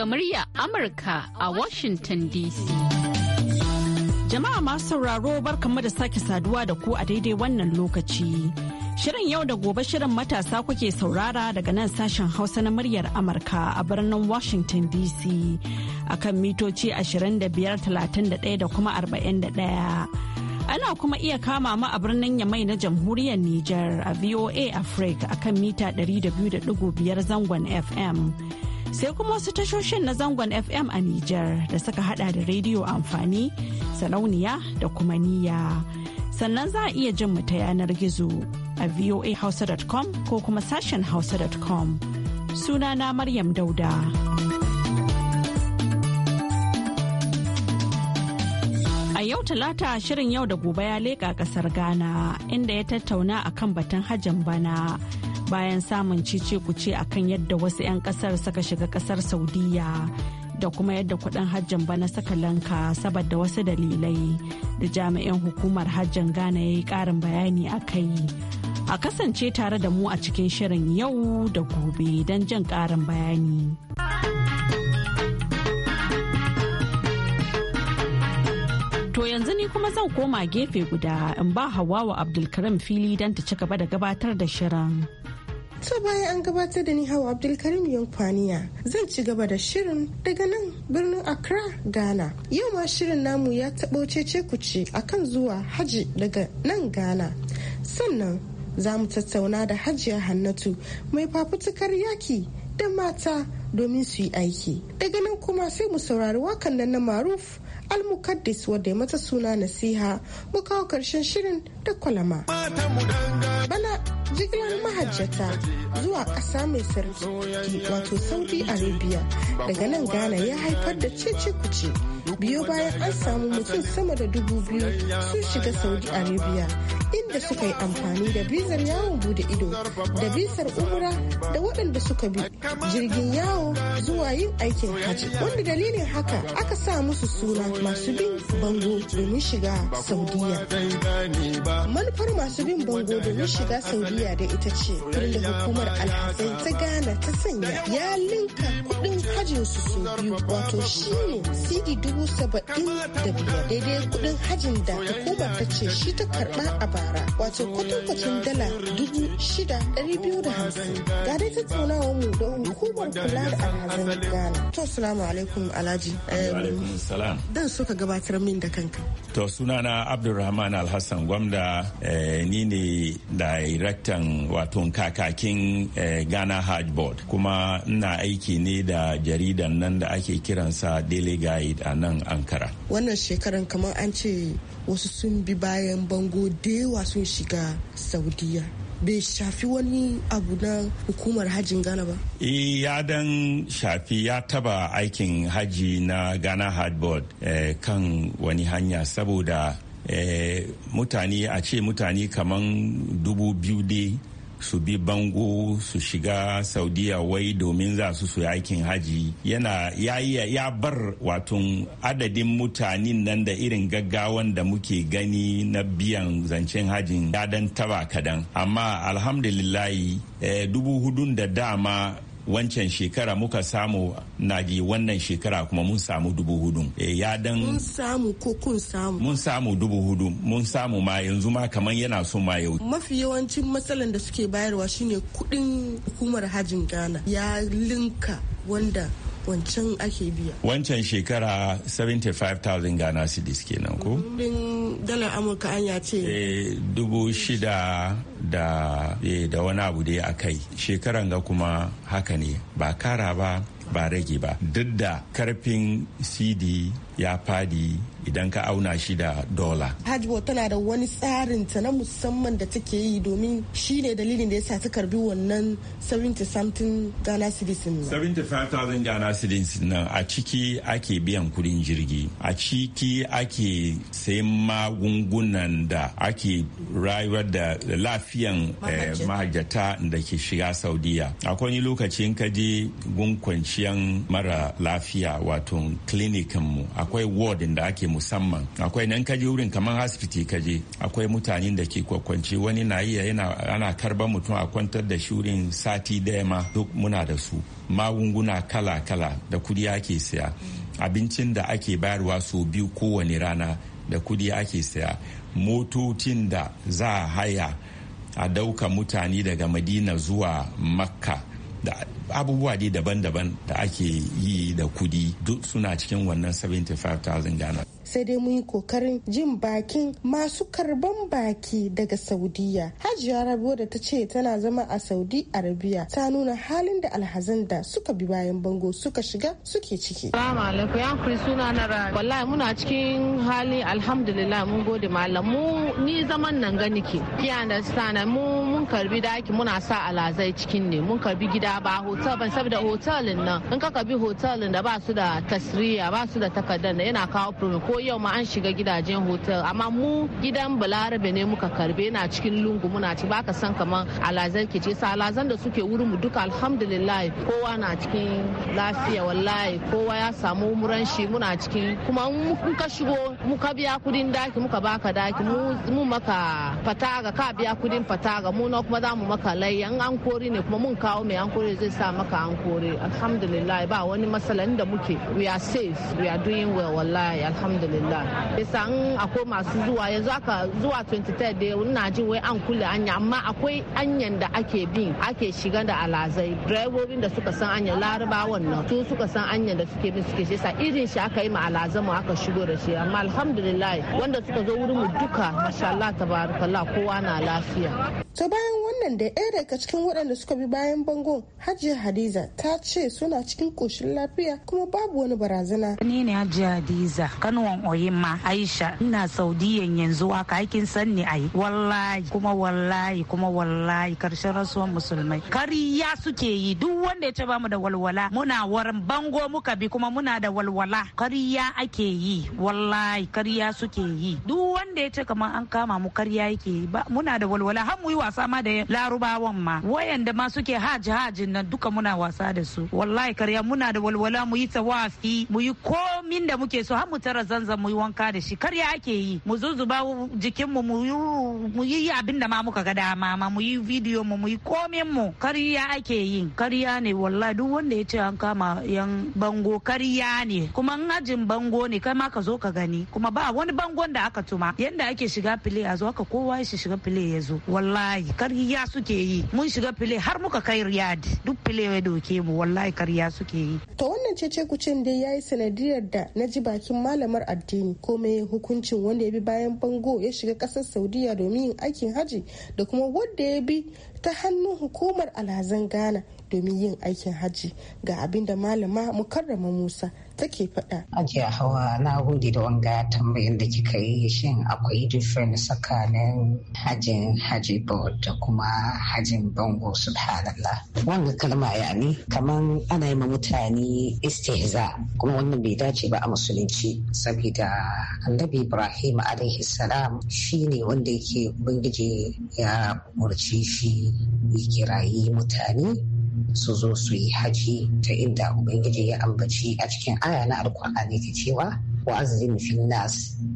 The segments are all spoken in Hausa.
daga murya Amurka a Washington DC. Jama'a masu sauraro barkamu da sake saduwa da ku a daidai wannan lokaci. Shirin yau da gobe shirin matasa kuke saurara daga nan sashen Hausa na muryar Amurka a birnin Washington DC akan mitoci 25,31 da kuma 41. Ana kuma iya kama mu a birnin Yamai na jamhuriyar Nijar a VOA Africa akan mita 200.5 zangon FM. sai kuma wasu tashoshin na zangon fm a Nijar da suka hada da rediyo amfani sarauniya da kuma niyya sannan za a iya jin mu ta yanar gizo a voahausa.com ko kuma sashen hausa.com sunana maryam dauda a yau talata shirin yau da gobe ya leƙa ƙasar ghana inda ya tattauna akan batun hajjan bana. bayan samun cice kuce kan yadda wasu 'yan kasar suka shiga kasar saudiya da kuma yadda kudin hajjan bana saka lanka saboda wasu dalilai da jami'in hukumar hajjan ghana ya yi karin bayani a kai a kasance tare da mu a cikin shirin yau da gobe don jin karin bayani. To yanzu ni kuma zan koma gefe guda in ba wa Abdulkarim fili don ta ci gaba da gabatar da shirin. To bayan an gabatar da ni hawa Abdulkarim Yankwaniya zan ci gaba da shirin daga nan birnin Accra, Ghana. Yau ma shirin namu ya taɓo cece kuce akan zuwa haji daga nan Ghana. Sannan za mu tattauna da hajiya Hannatu mai fafutukar yaki da mata domin su yi aiki. Daga nan kuma sai mu saurari wakan nan na maruf almukaddis wadda ya mata suna nasiha mu kawo karshen shirin da kwalama bana jigilar mahajjata zuwa ƙasa mai sarki wato saudi arabia daga nan ghana ya haifar da cece kuce biyo bayan an samu mutum sama da dubu biyu sun shiga saudi arabia inda suka yi amfani da bizar yawon bude ido da bizar umra da waɗanda suka bi jirgin yawo zuwa yin aikin hajji wanda dalilin haka aka sa musu suna masu bin bango domin shiga saudiya manufar masu bin bango domin shiga saudiya da ita ce inda hukumar alhazai ta gana ta sanya ya linka kudin hajin su su biyu wato shine cd dubu saba'in da biyar daidai kudin hajin da hukumar ta ce shi ta karba a bara wato kwatankwacin dala dubu shida dari biyu da hamsin ga dai tattaunawa mu da hukumar kula da alhazan gana to salamu alaikum alhaji ehm, dan so ka gabatar min da kanka to sunana abdulrahman alhassan gwamda eh, ni ne daraktan wato kakakin eh, ghana hajj board kuma ina aiki ne da jaridan nan da ake kiransa daily guide a nan ankara wannan shekaran kamar an ce wasu sun bi bayan bango dewa sun shiga saudiya bai shafi wani abu na hukumar hajjin Ghana ba? Eh, ya dan shafi ya taba aikin hajji na Ghana Hardboard eh, kan wani hanya saboda eh, mutane a ce mutane kaman dubu biyu dai su bi bango su shiga saudiya wai domin za su su aikin haji yana ya ya bar watun adadin mutanen nan da irin gaggawan da muke gani na biyan zancen hajin ya dan taba kadan amma alhamdulillahi eh, dubu hudun da dama wancan shekara muka samu naji wannan shekara kuma mun samu dubu hudu e, ya dan mun samu ko kun samu mun samu dubu hudu mun samu ma yanzu ma kamar yana so ma yau mafi yawancin matsalan da suke bayarwa shine kudin hukumar hajin ghana ya linka wanda wancan ake biya wancan shekara 75,000 ghana cedis kenan ko kudin dalar amurka an ya ce eh, dubu shida da eh, da wani abu da ya kai shekaran ga kuma haka ne ba kara ba ba rage ba duk da karfin cd ya fadi idan ka auna shi da dola. Hajjibo tana da wani tsarin ta na musamman da take yi domin shi ne dalilin da ya sa ta karbi wannan 70 something Ghana citizen. 75,000 Ghana citizen nan a ciki ake biyan kudin jirgi, a ciki ake sayan magungunan da ake rayuwar da lafiyan eh, mahajjata da ke shiga Saudiya. Akwai lokacin ka je gun kwanciyan mara lafiya wato mu. akwai ward da ake musamman akwai nan kaje wurin kamar asibiti kaje akwai mutanen da ke kwakwanci wani na iya yana ana karban mutum a kwantar da shurin sati daya ma duk muna da su magunguna kala kala da kudi ake saya abincin da ake bayarwa su biyu kowane rana da kudi ake saya motocin da za a haya a dauka mutane daga madina zuwa makka abubuwa dai daban-daban da ake yi da kudi duk suna cikin wannan 75,000 ghana sai dai mun yi kokarin jin bakin masu karban baki daga saudiya hajiya rabuwa da ta ce tana zama a saudi arabiya ta nuna halin da alhazan da suka bi bayan bango suka shiga suke ciki salamu alaikum ya kuri suna na wallahi muna cikin hali alhamdulillah mun gode malam mu ni zaman nan gani ke kiya da sana mu mun karbi daki muna sa alhazai cikin ne mun karbi gida ba hotel ban saboda hotelin nan in ka karbi hotelin da ba su da tasiriya ba su da takardar yana kawo ko yau ma an shiga gidajen hotel amma mu gidan balarabe ne muka karbe na cikin lungu muna ci baka san kamar alazan ke ce alazan da suke wurin mu duka alhamdulillah kowa na cikin lafiya wallahi kowa ya samu muran shi muna cikin kuma mun ka shigo mu ka biya kudin daki muka baka daki mu maka fataga ka biya kudin fataga mu na kuma za mu maka layya an kori ne kuma mun kawo mai an kori zai sa maka an kori alhamdulillah ba wani matsalan da muke we are safe we are doing well wallahi alhamdulillah alhamdulillah bisa in akwai masu zuwa yanzu aka zuwa 23 da ina jin wai an kula anya amma akwai anyan da ake bin ake shiga da alazai direbobin da suka san anya larabawan nan su suka san anyan da suke bin suke shesa irin shi aka yi ma alazan mu aka shigo da shi amma alhamdulillah wanda suka zo wurin mu duka masha Allah tabarakallah kowa na lafiya ta bayan wannan da ɗaya daga cikin waɗanda suka bi bayan bangon hajiya hadiza ta ce suna cikin ƙoshin lafiya kuma babu wani barazana ni ne hajiya hadiza kanuwan oyimma aisha ina saudiyan yanzu haka aikin san ne ai wallahi kuma wallahi kuma wallahi karshen rasuwan musulmai kariya suke yi duk wanda ya ce bamu da walwala muna warin bango muka bi kuma muna da walwala kariya ake yi wallahi kariya suke yi duk wanda ya ce kamar an kama mu kariya yake yi muna da walwala har mu yi wasa ma da larubawan ma wayanda ma suke haji hajin nan duka muna wasa da su wallahi karya muna da walwala mu yi tawafi mu yi komin da muke so har mu tara zanzan mu yi wanka da shi karya ake yi mu zuzuba jikinmu mu yi abin da ma muka ga dama ma mu yi bidiyo mu mu yi komin mu karya ake yi karya ne wallahi duk wanda ya ce an kama yan bango karya ne kuma in ajin bango ne kai ma ka zo ka gani kuma ba wani bangon da aka tuma yanda ake shiga fili a zo haka kowa ya shiga fili ya zo wallahi wallahi karya suke yi mun shiga file har muka kai riyad duk file ya doke mu wallahi karya suke yi to wannan cece kucin dai yayi sanadiyar da na ji bakin malamar addini ko me hukuncin wanda ya bi bayan bango ya shiga kasar saudiya domin yin aikin hajji da kuma wanda ya bi ta hannun hukumar alhazan ghana domin yin aikin hajji ga abinda da malama mukarrama musa take faɗa. Ajiya hawa na gode da wanga tambayin da kika yi shin akwai difference tsakanin hajin haji da kuma hajin bango subhanallah. Wanga kalma ya ne kamar ana yi ma mutane istihza kuma wannan bai dace ba a musulunci saboda annabi Ibrahim alaihi salam shi ne wanda yake ubangiji ya umurci shi ya kirayi mutane su zo su yi haji ta inda ubangiji ya ambaci a cikin aya na alkur'ani ta cewa wa azlim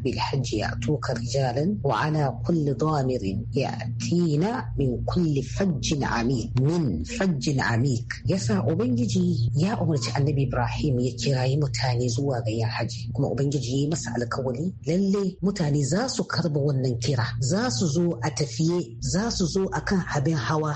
بالحج يأتوك رجالا وعلى كل ضامر يأتينا من كل فج عميق من فج عميق يسا أبنجي يا أمرت النبي إبراهيم يكراي متاني زوا غيا حجي كما أبنجي مسألة الكولي للي متاني زاسو كرب وننكرة زاسو زو أتفيه زاسو زو أكان حبين هوا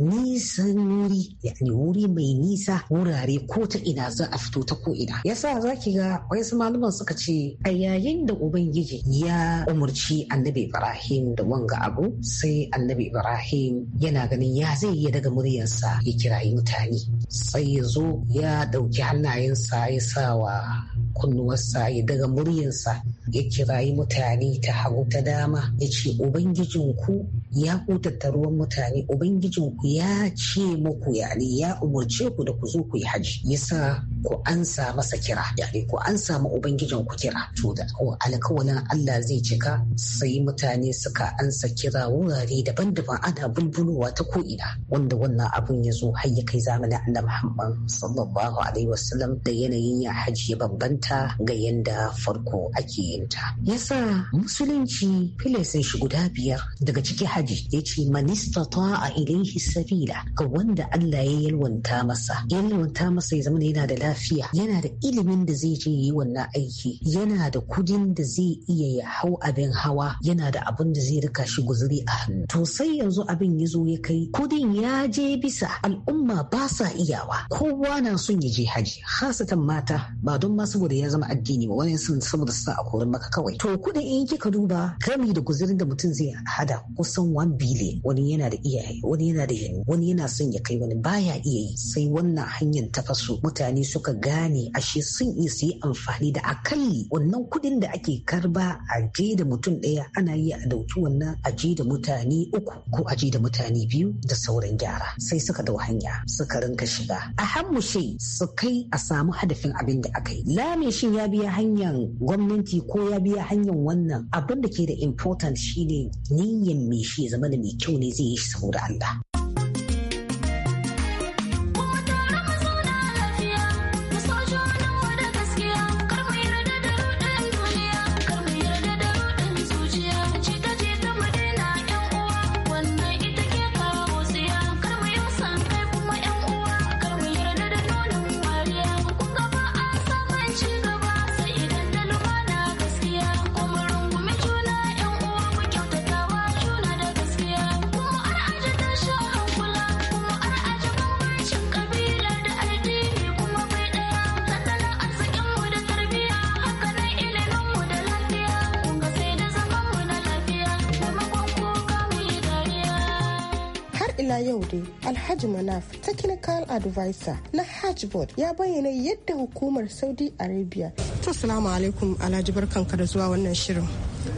نيسا نوري يعني wuri mai nisa wurare ko ta ina za a fito ta ko ina yasa zaki ga wasu malaman suka ce a yayin da ubangiji ubangiji ya umurci annabi ibrahim da wanga abu sai annabi ibrahim yana ganin ya zai iya daga muryarsa ya kirayi mutane sai ya zo ya ɗauki hannayensa ya sa wa kunnuwarsa ya daga muryarsa ya kirayi mutane ta hagu ta dama ya ce ubangijinku ya ku ruwan mutane ubangijinku ya ce muku yani ya umarce ku da ku zo ku yi haji yasa ku ansa masa kira yare ku ansa ma ubangijin ku kira to da alkawalin Allah zai cika sai mutane suka ansa kira wurare daban-daban ana bulbulowa ta ko'ina wanda wannan abun ya zo har ya kai zamanin Annabi Muhammad sallallahu alaihi wasallam da yanayin ya haji ya bambanta ga yanda farko ake yin ta yasa musulunci filasin shi guda biyar daga ciki haji ya ce ta a ilaihi sabila ga wanda Allah ya yalwanta masa yalwanta masa ya zama yana da lafiya yana da ilimin da zai je yi wannan aiki yana da kudin da zai iya ya hau abin hawa yana da abin da zai rika shi guzuri a hannu to sai yanzu abin ya zo ya kai kudin ya je bisa al'umma ba sa iyawa kowa na son ya je haji hasatan mata ba don ma saboda ya zama addini ba wani sun saboda suna a korin maka kawai to kudin in kika duba gami da guzurin da mutum zai hada kusan 1 billion wani yana da iyaye wani yana da yanni wani yana son ya kai wani baya iya yi sai wannan hanyar ta faso mutane su suka gane ashe sun iya su yi amfani da akalli wannan kuɗin da ake karba a je da mutum ɗaya ana yi a dauki wannan a je da mutane uku ko a je da mutane biyu da sauran gyara sai suka dau hanya suka rinka shiga a hannu shi su kai a samu hadafin abin da aka yi lame shin ya biya hanyar gwamnati ko ya biya hanyar wannan abin da ke da important shine niyyar me shi zama da mai kyau ne zai yi shi saboda Allah. Alhaji Manaf Technical Advisor na Hajj Board ya bayyana yadda hukumar Saudi Arabia. To salamu alaikum Alhaji barkanka da zuwa wannan shirin.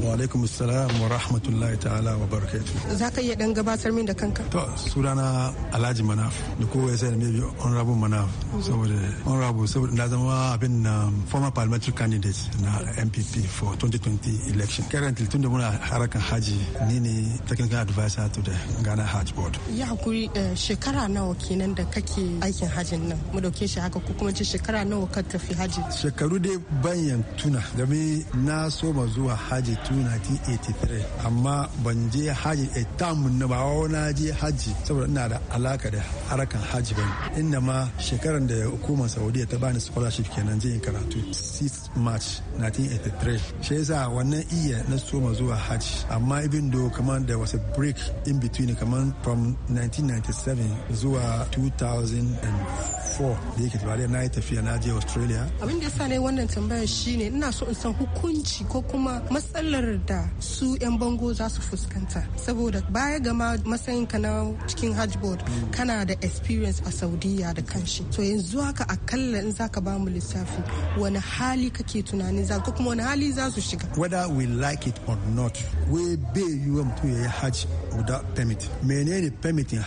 wa alaikum assalam wa rahmatullahi ta'ala wa barakatuh za ka iya dan gabatar min da kanka to sunana alhaji manaf da kowa ya sai da maybe honorable manaf saboda honorable saboda na zama abin na um, former parliamentary candidate na mpp for 2020 election currently tunda muna harakan haji ni ne technical advisor to the ghana hajj board ya hakuri eh, shekara nawa kenan da kake aikin hajin nan mu dauke shi haka ko kuma ce shekara nawa ka tafi haji shekaru dai banyan tuna dami na so ma zuwa haji tun 1983 amma ban je hajji a tamun na bawa na je hajji saboda ina da alaka da harkan hajji ba inda ma shekaran da hukumar saudiya ta bani scholarship kenan je karatu 6 march 1983 shi yasa wannan iya na soma zuwa hajji amma ibin do kamar da was a break in between kamar from 1997 zuwa 2004 da yake tabari na yi tafiya na je australia abin da sa ne wannan tambayar shine ina so in san hukunci ko kuma matsalar matsalar da su 'yan bango za su fuskanta saboda baya ga matsayin ka na cikin hajj board kana da experience a saudiya da kanshi to yanzu haka akalla in zaka ba mu lissafi wani hali kake tunanin za ko kuma wani hali za su shiga whether we like it or not we be yiwa mutum ya yi hajj without permit menene permitin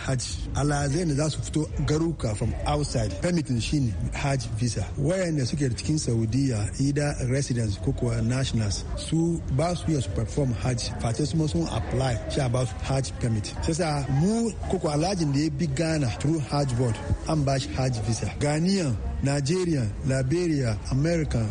Allah alazai ne za su fito garuka from outside permitin shine hajj visa wayanda suke cikin saudiya ida residents ko kuwa nationals su ba su iya su perform hajj face su sun apply sha ba su Hajj permit Sai mu ko alhajin da ya bi ghana through hajj board an ba shi Hajj visa ganiyan nigeria liberia america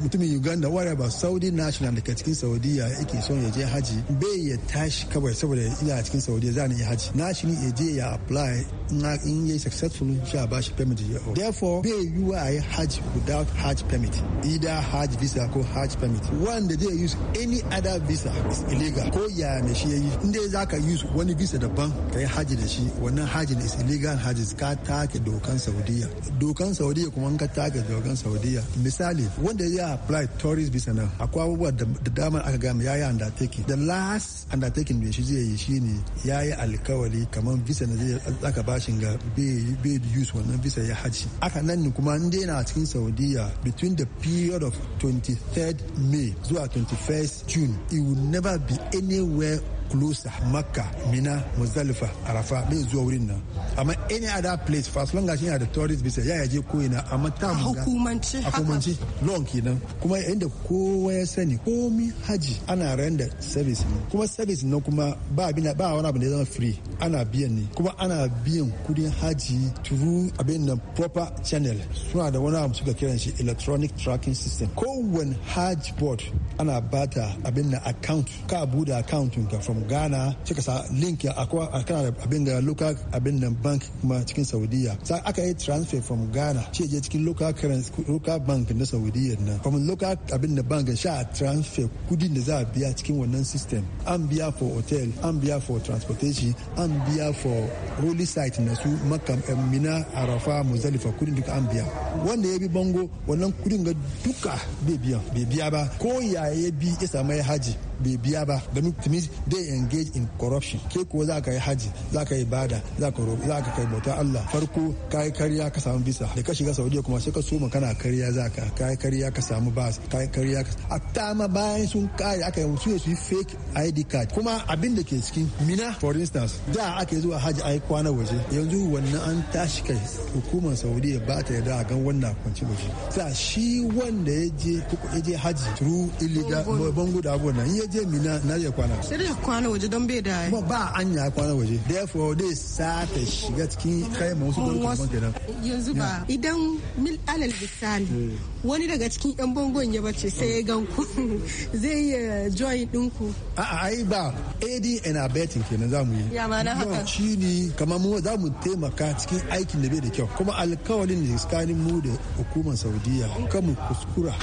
mutumin uganda whatever saudi national da ke cikin saudiya yake son ya je haji bai ya tashi kawai saboda ina cikin saudiya za ni haji na shi ne ya je ya apply in yi successful shi a bashi permit ya hau therefore bai yiwa a yi hajj without hajj permit either hajj visa ko hajj permit wanda zai use any other visa is illegal ko ya ne shi ya yi in dai za ka use wani visa daban ka yi hajji da shi wannan hajji is illegal hajji ka take dokan saudiya dokan saudiya kuma ka take dokan saudiya misali wanda ya apply tourist visa na akwai abubuwa da dama aka gama ya yi undertaking the last undertaking da shi zai yi ne ya yi alkawari kamar visa na zai zaka ba bashin ga bai use wannan visa ya haji aka nan ne kuma inda yana cikin saudiya between the period of 23rd may zuwa 21st june it will never be anywhere Kulusa, Makka, Mina, Muzalifa, Arafa bai zuwa wurin nan. Amma any other place fast long as yana da tourist visa ya yaje ko ina amma ta mu hukumanci hukumanci long kenan kuma inda kowa ya sani komi haji ana randa service ne kuma service nan kuma ba bina ba wani abu da zama free ana biyan ne kuma ana biyan kudin haji through abin nan proper channel suna da wani abu suka kiran shi electronic tracking system kowane hajj board ana bata abin nan account ka bude account ka from from ghana suka sa link a kan abin da local abin da bank kuma cikin saudiya sa aka yi transfer from ghana ce je cikin local currency local bank na saudiya na from local abin da bank sha transfer kudin da za a biya cikin wannan system an biya for hotel an biya for transportation an biya for holy site na su makam eh, mina arafa muzalifa kudin duka an biya wanda ya bi bango wannan kudin ga duka bai biya ba ko ya ya bi ya samu ya haji bai biya ba da mutumin dai engage in corruption ke kuwa za ka yi haji za ka yi bada za ka za ka kai bauta Allah farko ka yi kariya ka samu bisa da ka shiga Saudiya kuma sai ka soma kana kariya za ka ka yi kariya ka samu bas ka yi kariya ka hatta ma bayan sun kare aka yi su su yi fake ID card kuma abin da ke cikin mina for instance da ake zuwa haji ai kwana waje yanzu wannan an tashi kai hukumar Saudiya ba ta yarda a gan wannan kwanci waje sa shi wanda ya je ya je haji through illegal bangu da abubuwan nan je mi na je kwana sai dai kwana waje don bai da ba ba anya kwana waje therefore dai sa ta shiga cikin kai mu su gurbin kenan yanzu ba idan mil alal bisani eh. wani daga cikin yan bangon ya bace sai ya ganku zai join dinku a ai ba ad and abetting kenan zamu yi ya ma na haka shi ne kamar mu za mu taimaka cikin aikin da bai da kyau kuma alkawalin da iskanin mu da hukumar saudiya kan mu kuskura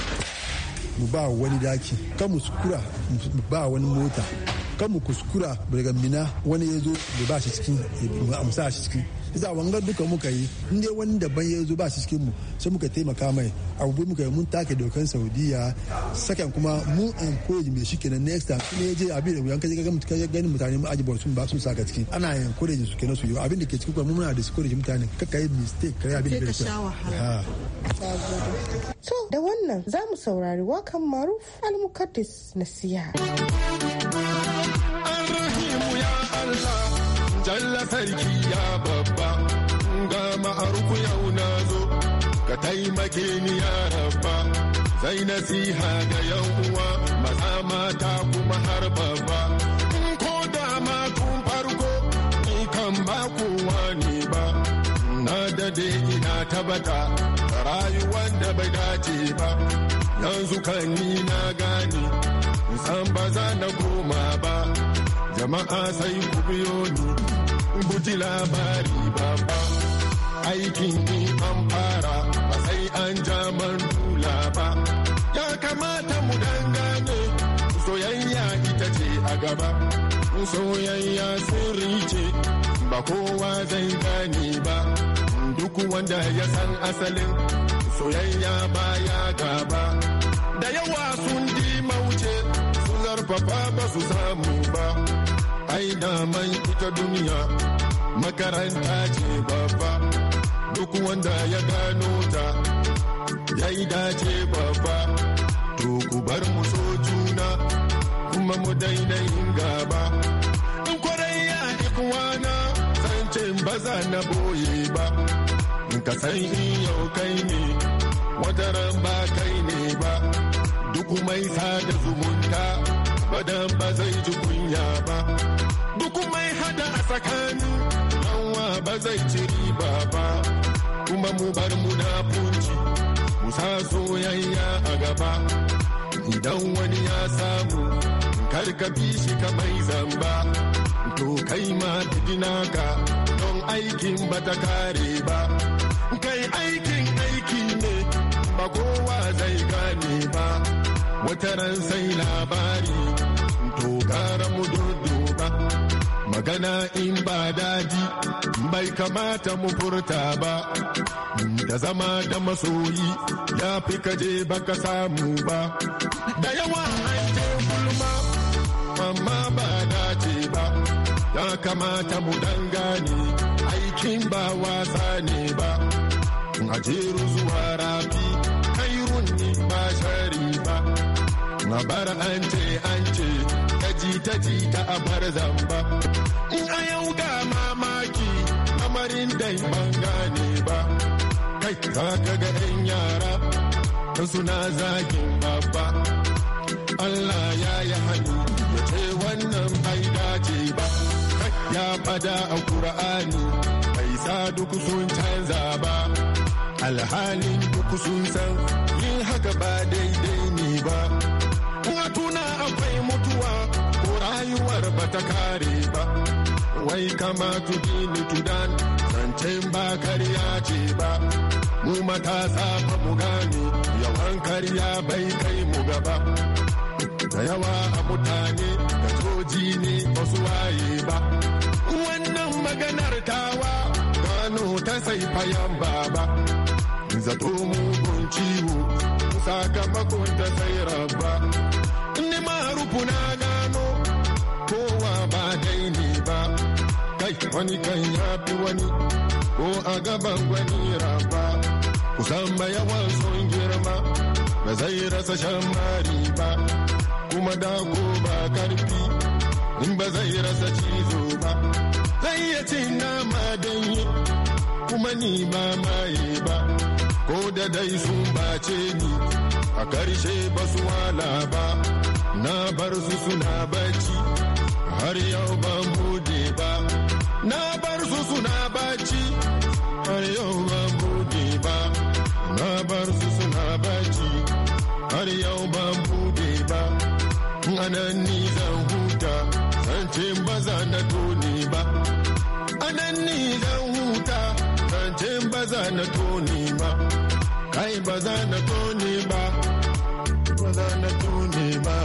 mu ba wani daki kan mu sukura mu ba wani mota kan mu kuskura daga mina wani ya zo da ba shi ciki mu amsa shi ciki za wangar duka muka yi inda wani daban ya zo ba su cikin mu sai muka taimaka mai abubu muka yi mun take dokan saudiya sakan kuma mun koji mai shi kenan next time kuma ya je abin da wuyan kaje ga ganin mutane mu ajibar sun ba sun saka ciki ana yin encourage su kenan su yi abin da ke cikin kuma muna discourage mutane kaka yi mistake kai abin da ke to da wannan za mu saurari wakan maruf al mukaddis na siya. ya Allah jalla sarki ka taimake ni ya sai nasiha ga yan uwa maza mata kuma har babba in ko dama kun tun farko in kan ba kowa ne ba na dade ina tabata rayuwar da bai dace ba yanzu kan ni na gane san ba za na koma ba jama'a sai ku biyo ni buji labari ba, aikin ni amfani nan jaman dula ba ya kamata mu dangane soyayya ita ce a gaba soyayya sirri ce ba kowa zai gane ba duk wanda ya san asalin soyayya baya gaba da yawa sun di mauce su zarfafa ba su samu ba ai daman ita duniya makaranta ce babba duk wanda ya gano ta gaida dace babba to ku bar mu so juna kuma mu daina gaba in kwarai ya ikwana zancen ba za na boye ba in ka san yau kai ne wataran ba kai ne ba duk mai sada zumunta badan ba zai ji kunya ba duk mai hada a tsakanin yanwa ba zai ci riba ba kuma mu bar munafunci sa soyayya a gaba idan wani ya samu kar ka shi ka mai zamba to kai ma da ka don aikin ba ta kare ba kai aikin aiki ne ba kowa zai gane ba wataran sai labari magana in ba daji bai kamata mu furta ba da zama da masoyi ya fi kaje baka samu ba da yawa an ce gulma amma ba dace ba ya kamata mu dangane aikin ba wasa ne ba a jeru zuwa rafi kairun ne ba shari ba na bar an ce an ce ta ji ta ji ta abar zamba in dai ban gane ba kai za ka ga ɗan yara ta suna zagin babba Allah ya yi hannu ya ce wannan bai dace ba ya fada a Kur'ani bai sa duk sun canza ba alhalin duk sun san yin haka ba daidai ne ba tuna akwai mutuwa ko rayuwar ba ta kare ba wai kama tudi ni tudan zancen ba karya ce ba mu matasa ba mu gane yawan karya bai kai mu gaba da yawa a mutane da soji ne ba su waye ba wannan maganar tawa gano ta sai fayan baba zato mugun ciwo sakamakon ta sai rabba ni marufu na gano kowa ba daini ba kai wani kan yafi wani ko a gaban gwani ba kusan yawan sun girma ba zai rasa shan mari ba kuma da ko ba karfi in ba zai rasa cizo ba zai iya cin nama danye kuma ni ba maye ba ko da dai sun bace ni a karshe ba su wala ba na bar su suna bacci har yau ban bude ba na bar su suna bacci anan ni zan huta zan ce ba na toni ba ni zan huta zan ce ba na toni ba kai ba na toni ba ba na toni ba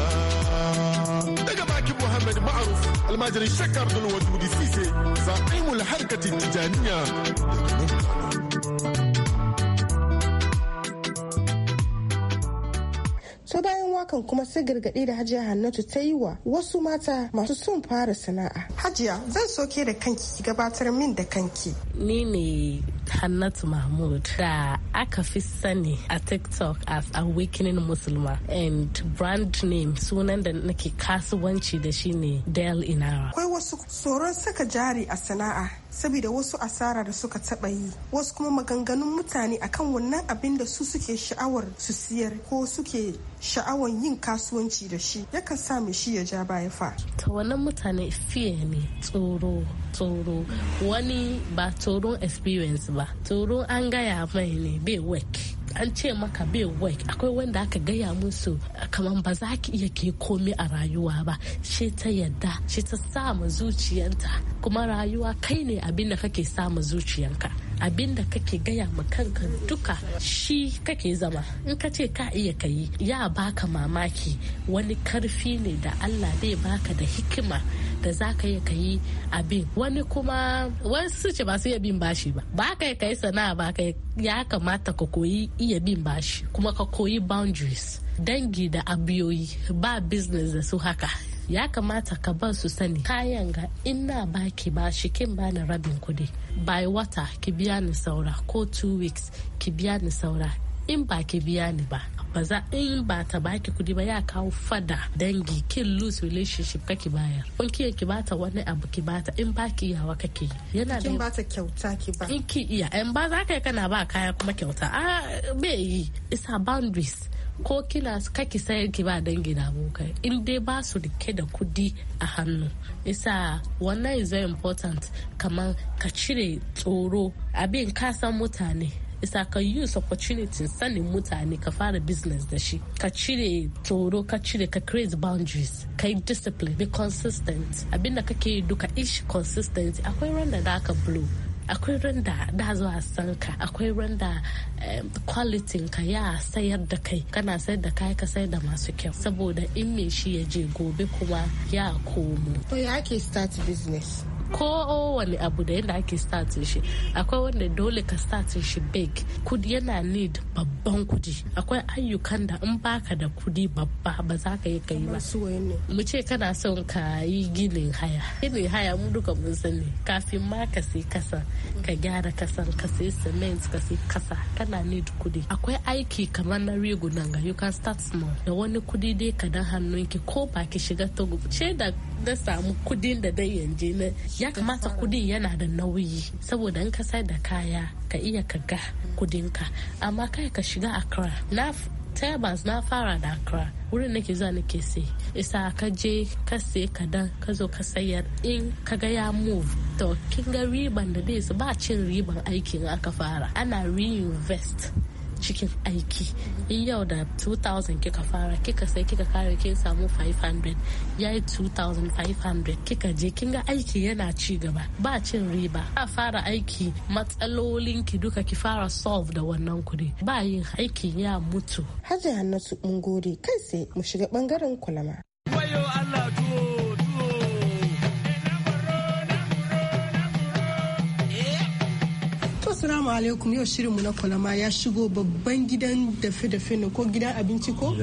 daga baki muhammad ma'aruf almajirin shakar dulwa sise zaɓi mul hakan kuma sai gargaɗi da hajiya hannatu ta yi wa wasu mata masu son fara sana'a hajiya zan soke da kanki ki gabatar min da kanki ni ne hannatu mahmud da aka fi sani a tiktok as awakening musulma and brand name sunan da nake kasuwanci da shi ne del inara akwai wasu tsoron saka jari a sana'a saboda wasu asara da suka taɓa yi wasu kuma maganganun mutane akan wannan abin da su suke sha'awar su siyar ko suke sha'awar yin kasuwanci da shi yakan sa mai shi ya ja baya fa. ta wannan mutane fiye ne tsoro tsoro wani ba tsoron experience ba tsoron an gaya mai ne bai work an ce maka bai wai akwai wanda aka gaya musu eh, kamar ba za ki iya ke komi a rayuwa ba shi ta yadda shi ta sa ma zuciyanta kuma rayuwa kai ne abin da kake sa ma zuciyanka abin da kake gaya ma kanka duka shi kake zama in ka ce ka iya ka ya baka mamaki wani karfi ne da allah bai baka da hikima da za ka iya ka yi abin wani kuma wasu ce ba su iya bin bashi ba ba ka yi sana'a ba ka ya kamata ka koyi iya bin bashi kuma ka koyi boundaries dangi da abiyoyi ba business da su haka ya kamata ka ban su sani kayan ga ina baki ba shi kin ni rabin kuɗi by water ki biya ni saura ko two weeks ki biya ni saura in ba ki biya ni ba ba za in ba ta baki kudi ba ya kawo fada dangi kin lose relationship kake bayar kun kiya ki bata wani abu ki bata in ba ki yawa kake yana da kin bata kyauta ki ba in ki iya in ba za ka kana ba kaya kuma kyauta a ah, bai yi isa boundaries ko kina kaki sayar ki ba dangi na abokai in dai ba su rike da kudi a hannu isa wannan is very important kamar ka cire tsoro abin ka san mutane isa ka use opportunity sanin mutane ka fara business da shi ka cire tsoro ka cire ka create boundaries ka yi discipline be consistent abinda kake yi duka ish consistent akwai randa da aka blow akwai randa da da zuwa san akwai randa da eh, kwalitin ka ya sayar da kai kana sayar da kai ka sayar da masu kyau saboda in me shi ya je gobe kuma ya komo to ya ake start business Ko wani abu da yadda ake startin shi akwai wanda dole ka startin shi big kudi yana need babban kudi akwai ayyukan da in baka da kudi babba ba za ka yi ka yi ba mu ce kana son ka yi ginin haya ginin haya mu duka mun sani kafin ma ka sai kasa ka gyara kasan ka sai cement ka sai kasa kana need kudi akwai aiki kamar na rigunan ga you can start small da wani kudi dai ka dan hannunki ko ba ki shiga togo ce da na samu kudin da dai yanje na ya kamata kudin yana da nauyi saboda in ka sai da kaya ka iya ka ga kudinka amma kai ka shiga akra na tabas na fara da akra wurin nake zuwa nake sai isa ka je ka sai dan ka zo ka sayar in ka ga ya move to kin ga riban da dai ba cin riban aikin aka fara ana reinvest cikin aiki in yau da 2000 kika fara kika sai kika kare kin samu 500 yayi 2500 kika je kin ga aiki yana ci gaba ba cin riba ba fara aiki matsalolin ki duka ki fara solve da wannan kudi ba yin aiki ya mutu hajji hannatu mun gode kai sai mu shiga bangaren kulama Allah Assalamu alaikum yau shirinmu na kwalama ya shigo babban gidan dafe-dafe ne ko gidan abinci ko?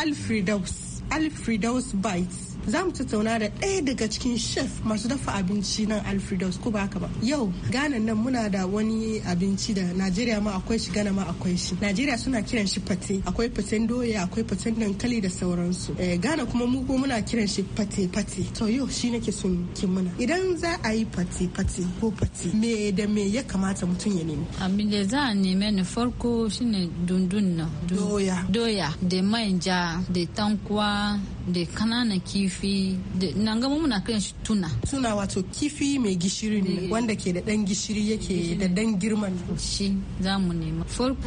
Alfredos. Alfredos Bites. za mu tattauna da ɗaya daga cikin chef masu dafa abinci nan alfredos ko ba haka ba yau ganan nan muna da wani abinci da najeriya ma akwai shi gana ma akwai shi najeriya suna kiran shi fate akwai faten doya akwai faten dankali da sauransu eh, gana kuma mu ko muna kiran shi fate fate to yau shi nake son kin muna idan za a yi fate fate ko fate me da me ya kamata mutum ya nemi abin da za a neme ni farko shine dundun nan doya doya da manja da tankuwa da kananan kifi kifi nan gama muna kiran shi tuna tuna wato kifi mai gishiri ne eh. wanda ke da dan gishiri yake da dan girman shi za mu nema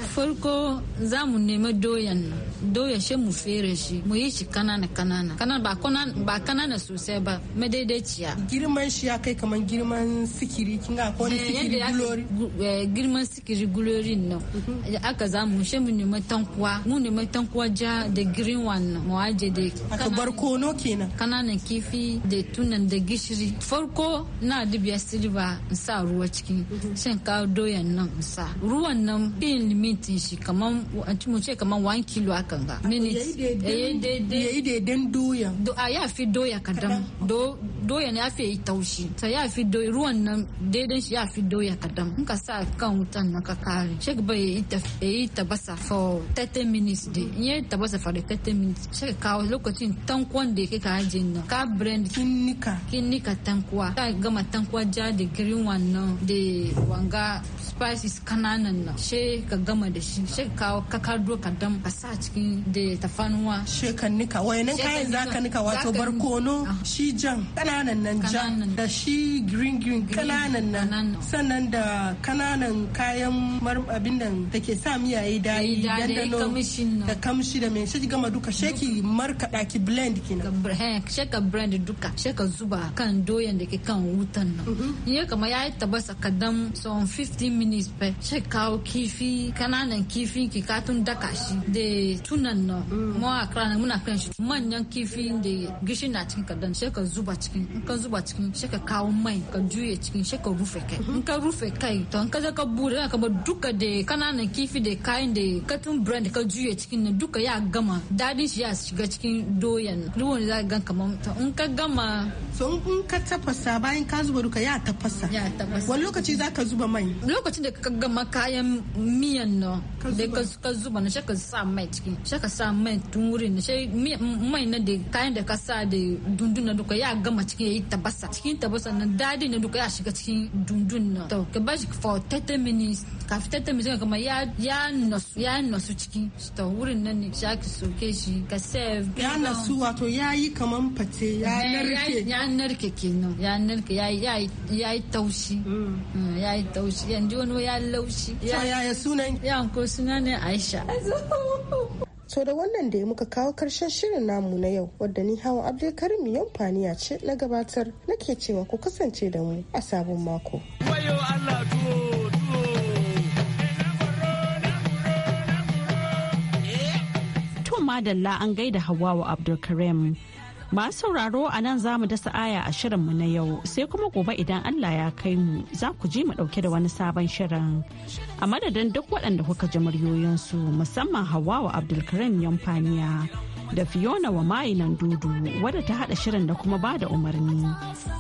farko za mu nema doyan doya shi mu fere shi mu yi shi kanana kanana kanana ba kanana sosai ba madaidaiciya girman shi ya kai kamar girman sikiri kin ga ko eh, sikiri gulori eh, girman sikiri gulori no mhm. aka za mu shi mu nema tankuwa mu nema tankuwa ja da green one mu aje da aka barkono kenan kananan kifi da tunan da gishiri farko na dubiya silva in sa ruwa cikin shan ka doyan nan in sa ruwan nan in limitin shi kaman mu ce kaman 1 kilo akan ga minutes yayi daidan eh, doya a ya fi doya do doya ne ya fi yi taushi ta ya fi doya ruwan nan daidan shi ya fi doya kadan in ka sa kan wutan na ka kare shek bai yi tabasa for 30 minutes de in yi tabasa for 30 minutes shek kawo lokacin tankon da yake ka yajin nan ka brand kin nika kin nika tankuwa ta gama tankuwa ja da green wannan da wanga spices kananan nan she ka gama da shi she ka ka kardo ka dam ka sa cikin da tafanuwa she ka nika wayannan kayan zaka nika wato barkono ah. shi jan kananan nan jan da shi green green kananan nan sannan da kananan kayan abin nan take ke sa miya yayi dadi dandano da kamshi da me shi gama duka sheki markada ki blend kina kayan shaka brand duka shaka zuba kan doyan da ke kan wutan nan mm-hmm. ya kama ya yi tabasa dam son 15 minutes pe shaka kawo kifi kananan kifi ki katun daka shi da tunan nan mu mm. a kira muna kan shi manyan kifi da gishi na cikin kadan shaka zuba cikin in ka zuba cikin shaka kawo mai ka juye cikin shaka rufe kai mm-hmm. in ka rufe kai to in ka je ka bude ka ba duka da kananan kifi da kayan da katun brand ka juye cikin na duka ya gama dadin shi ya shiga cikin doyan ruwan za ga kan kamar ta in ka gama so in ka tafasa bayan ka zuba duka ya tafasa ya tafasa wani lokaci za ka zuba mai lokacin da ka gama kayan miyan nan da ka zuba na shi ka sa mai ciki shi ka sa mai tun wuri na shi mai na da kayan da ka sa da dundun na duka ya gama ciki ya yi tabasa cikin tabasa na dadi na duka ya shiga cikin dundun na to ka bashi for 30 minutes kafin 30 minutes kamar ya ya nasu ya nasu ciki to wurin nan ne shi ake soke shi ka serve ya nasu wato ya yi kamar zaman face eh, ya narke ya narke kenan ya narke ya yi taushi mm. Mm, ya yi taushi yanzu wani ya laushi ya ya sunan ya ko suna ne Aisha So da wannan da ya muka kawo karshen shirin namu na yau wadda ni hawa Abdulkarim yau faniya ce na gabatar nake cewa ku kasance da mu a sabon mako. Allah madalla an gaida Hawawa Abdulkarim. Masu sauraro a nan za mu dasa aya a shirinmu na yau sai kuma gobe idan Allah ya kai mu za ku ji mu ɗauke da wani sabon shirin. A madadin duk waɗanda kuka ji muryoyinsu musamman wa Abdulkarim Yamfaniya da Fiona wa nan dudu wadda ta haɗa shirin da kuma bada umarni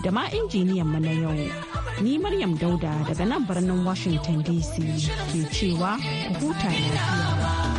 da ma injiniyan mu na yau. Ni Maryam Dauda daga nan birnin Washington DC ke cewa ku huta lafiya.